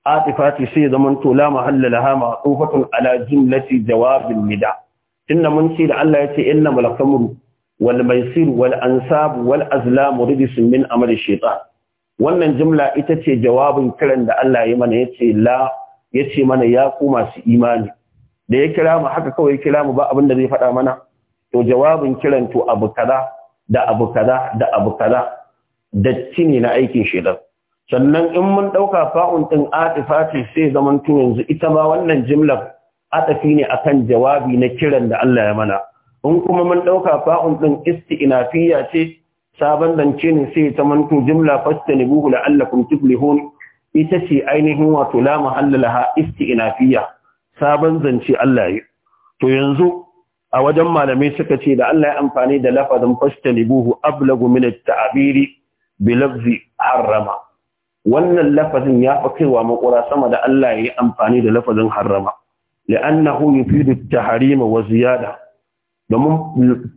atifati sai zaman to la mahalla laha ma'tufatun ala jumlati jawabin nida inna mun ce da Allah ya ce inna malakamuru wal maisir wal ansab wal azlam rijsun min amali shaytan wannan jumla ita ce jawabin kiran da Allah ya mana yace la yace mana ya ku masu imani da ya kira mu haka kawai kira mu ba abin da zai faɗa mana to jawabin kiran to abu kaza da abu kaza da abu kaza datti ne na aikin shaytan sannan in mun dauka fa'un din atifa ce sai zaman to yanzu ita ma wannan jimlar atafi ne akan jawabi na kiran da Allah ya mana in kuma mun ɗauka fa'un ina fiya ce sabon zance ne sai ta mantu Allah fastanibuhu la'allakum tuflihun ita ce ainihin wato la mahalla ina fiya, sabon zance Allah ya to yanzu a wajen malamai suka ce da Allah ya amfani da lafazin fastanibuhu ablagu min at-ta'biri bi lafzi harrama wannan lafazin ya fi kaiwa maƙura sama da Allah ya yi amfani da lafazin harrama لأنه يفيد التحريم وزيادة domin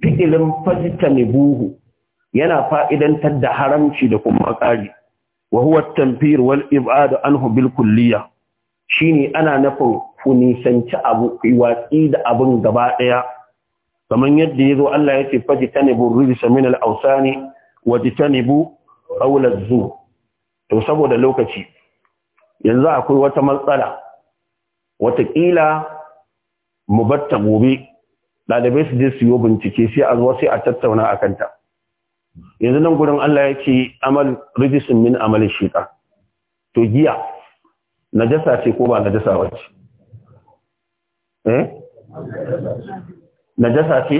fi'ilin fajtanibuhu yana fa'idantar da haramci da kuma ƙari wa huwa at-tanfir wal ib'ad anhu bil kulliya shine ana nufin funisanci abu watsi da abin gaba ɗaya kamar yadda ya zo Allah yace fajtanibu rijsa min al-awsani wajtanibu qawl az-zur to saboda lokaci yanzu akwai wata matsala watakila mu batta gobe ɗalibai su je su yi bincike sai a zuwa sai a tattauna a kanta yanzu nan gurin Allah ya ce amal rijisun min amal shiƙa to giya najasa ce ko ba najasa ba ce eh najasa ce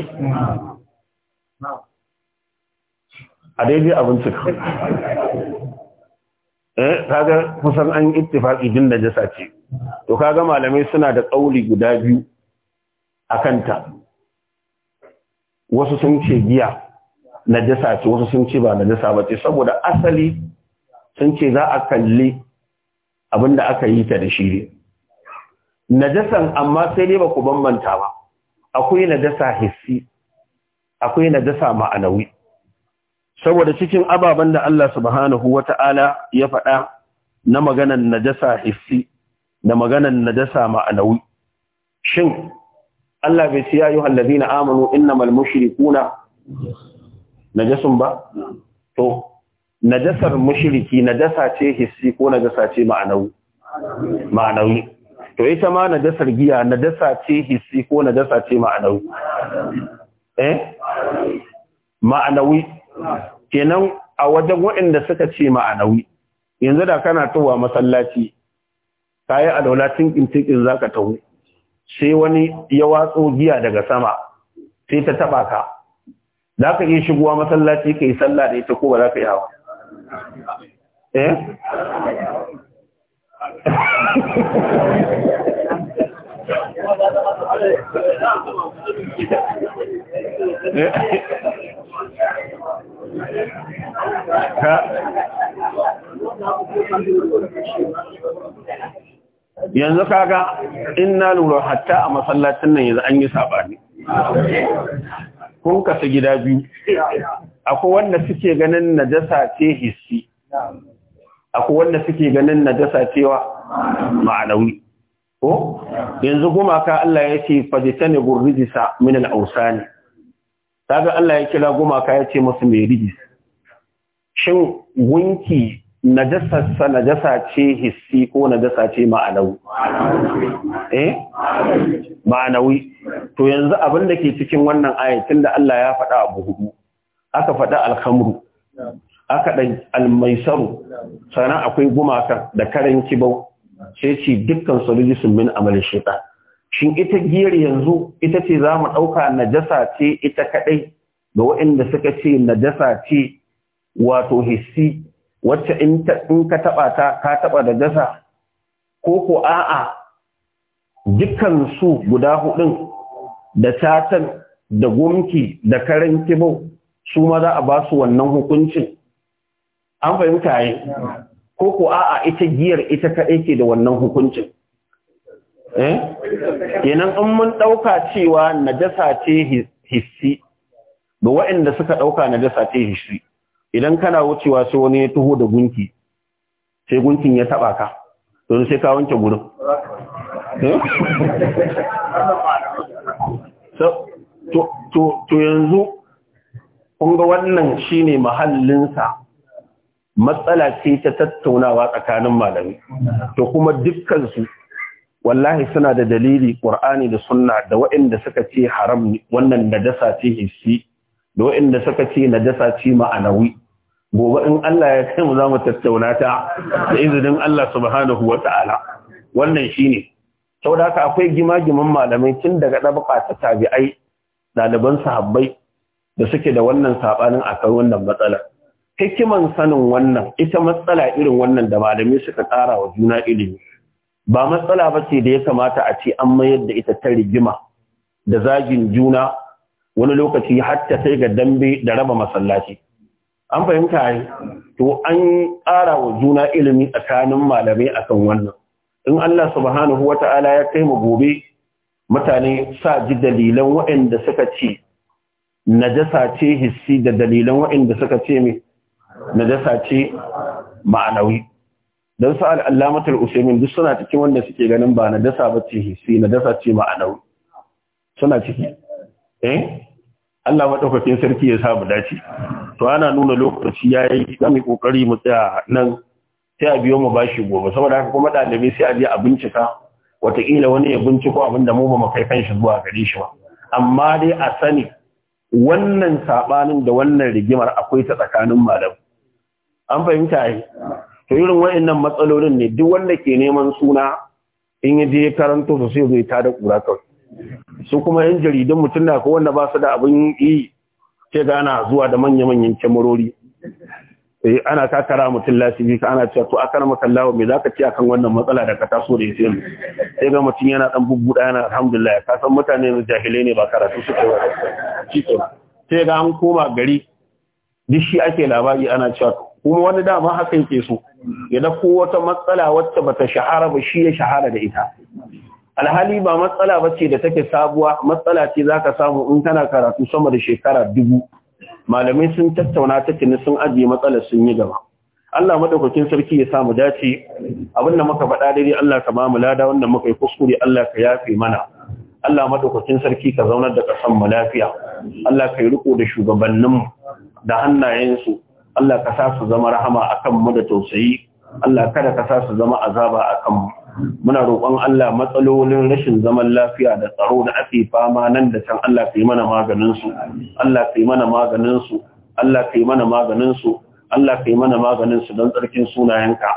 a daidai su Eh, kaga kusan an ittifaki din da jasa ce to kaga malamai suna da kauli guda biyu akan ta wasu sun ce giya najasa ce wasu sun ce ba najasa ba ce saboda asali sun ce za a kalli abinda aka yi ta da shi ne. najasan amma sai dai ba ku bambanta ba akwai najasa hissi akwai najasa ma'anawi saboda cikin ababen da Allah subhanahu wata'ala ya faɗa na maganan najasa hissi da maganan najasa ma'anawi shin Allah bai ce ya yi amunu ina innamal kuna najasun ba to najasar mushiriki najasa ce hissi ko najasa ce ma'anawi ma'anawi to ita ma najasar giya najasa ce hissi ko najasa ce ma'anawi eh ma'anawi kenan a wajen waɗanda suka ce ma yanzu da kana towa masallaci ka yi daula tinkin tinkin za ka ta'u? sai wani ya watso giya daga sama sai ta taɓa ka za ka iya shigowa masallaci ka yi sallah da ita ko ba za ka yi hawa eh yanzu kaga in na lura hatta a masallacin nan yanzu an yi sabani kun kasa gida biyu akwai wanda suke ganin jasa ce hissi akwai wanda suke ganin jasa cewa ma'anawi ko yanzu ka Allah ya ce fajitani gurrijisa minin al-awsani kaga Allah ya kira gumaka ya ce masu mai rigi. shin gunki najasarsa najasa ce hissi ko najasa ce ma'anawi eh ma'anawi to yanzu abin da ke cikin wannan ayatin da Allah ya faɗa abu hudu aka faɗa alhamru aka ɗan almaisaru sannan akwai gumaka da karin kibau sai ce dukkan su min amalin shaitan shin ita giyar yanzu ita ce za mu ɗauka najasa ce ita kaɗai ga waɗanda suka ce najasa ce wato hissi wacce in ka taɓa ta ka taɓa da gasa ko ko a'a dukkan su guda huɗun, da tatan da gumki da karin kibo su ma za a ba su wannan hukuncin an fahimta yi ko ko a'a ita giyar ita kaɗai ke da wannan hukuncin Eh? kenan in mun ɗauka cewa najasa ce hissi ba waɗanda suka ɗauka najasa ce hissi idan kana wucewa sai wani ya taho da gunki sai gunkin ya taɓa ka don sai ka wanke gurin eh? to yanzu kunga wannan shine mahallinsa matsala ce ta tattaunawa tsakanin malami to kuma su wallahi suna da dalili qur'ani da sunna da waɗanda suka ce haram wannan najasa ce hissi da waɗanda suka ce najasa ce ma'anawi gobe in Allah ya kai mu za mu tattauna ta da izinin Allah subhanahu wa ta'ala wannan shine saboda haka akwai gima-giman malamai tun daga ɗab'a ta tabi'ai ɗaliban sahabbai da suke da wannan a akan wannan matsala hikiman sanin wannan ita matsala irin wannan da malamai suka tsara wa juna ilimi ba matsala ba ce da ya kamata a ce an mayar da ita ta rigima da zagin juna wani lokaci hatta sai ga dambe da raba masallaci an fahimta yi to an ƙara wa juna ilimi tsakanin malamai akan wannan in Allah subhanahu wata'ala ya kai mu gobe mutane sa ji dalilan waɗanda suka ce najasa ce hissi da dalilan waɗanda suka ce mai najasa ce ma'anawi don su al'allamatar usaimin duk suna cikin wanda suke ganin ba na dasa ba ce sai na dasa ce ma'anau suna ciki eh Allah maɗaukakin sarki ya sa mu dace to ana nuna lokaci ya yi zami ƙoƙari mu tsaya nan sai a biyo mu bashi gobe saboda haka kuma ɗalibai sai a je a bincika wataƙila wani ya binciko abin da mu ba mu kai kanshi zuwa gare shi ba amma dai a sani wannan saɓanin da wannan rigimar akwai ta tsakanin malam an fahimta yi to irin wayannan matsalolin ne duk wanda ke neman suna in ya je karanta karanto su sai zai tada kura kawai su kuma yan jaridun mutum na ko wanda ba su da abin yi ke gana zuwa da manya-manyan kyamarori eh, ana takara mutum lasibi ka ana cewa to a kan makallawa me zaka ci akan wannan matsala da ka taso da yake sai ga mutum yana dan bubbuda yana alhamdulillah ka san mutane da jahilai ne ba karatu suke ba cike sai ga an koma gari duk shi ake labari ana cewa kuma wani dama haka ke so ya ko wata matsala wacce bata shahara ba shi ya shahara da ita alhali ba matsala bace da take sabuwa matsala ce zaka samu in kana karatu sama da shekara dubu malamai sun tattauna ta tuni sun ajiye matsalar sun yi gaba Allah madaukakin sarki ya samu dace abinda muka faɗa dai Allah ka ba mu lada wanda muka yi kuskure Allah ka yafe mana Allah madaukakin sarki ka zaunar da kasan mu lafiya Allah ka yi riko da shugabannin da hannayensu Allah ka sa su zama rahama a mu da tausayi Allah kada ka sa su zama azaba a kanmu muna roƙon Allah matsalolin rashin zaman lafiya da tsaro da ake fama nan da can Allah ka yi mana maganin su Allah ka yi mana maganin su Allah ka yi mana maganin su Allah ka yi mana maganin su don tsarkin sunayenka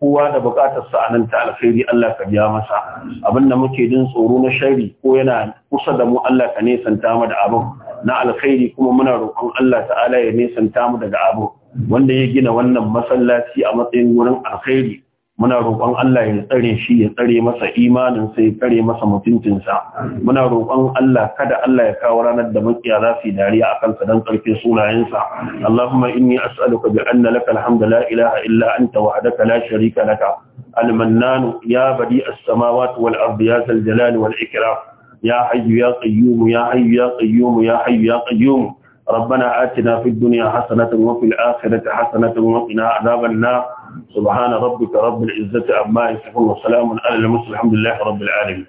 kowa da bukatarsa a nan ta alkhairi Allah ka biya masa Abin da muke jin tsoro na shari ko yana kusa da mu Allah ka nesanta mu da abin na alkhairi kuma muna roƙon Allah ta'ala ya nesanta mu daga abu wanda ya gina wannan masallaci a matsayin wurin alkhairi muna roƙon Allah ya tsare shi ya tsare masa imanin sai tsare masa mutuntinsa. muna roƙon Allah kada Allah ya kawo ranar da makiya za su yi dariya akan sa don ƙarfin sunayensa Allahumma inni as'aluka bi anna laka alhamdu la ilaha illa anta wahdaka la sharika laka al-mannan ya badi as-samawati wal ardi ya zal jalali wal ikram يا حي يا قيوم يا حي يا قيوم يا حي يا قيوم ربنا آتنا في الدنيا حسنة وفي الآخرة حسنة وقنا عذاب النار سبحان ربك رب العزة عما يصفون وسلام على المرسلين الحمد لله رب العالمين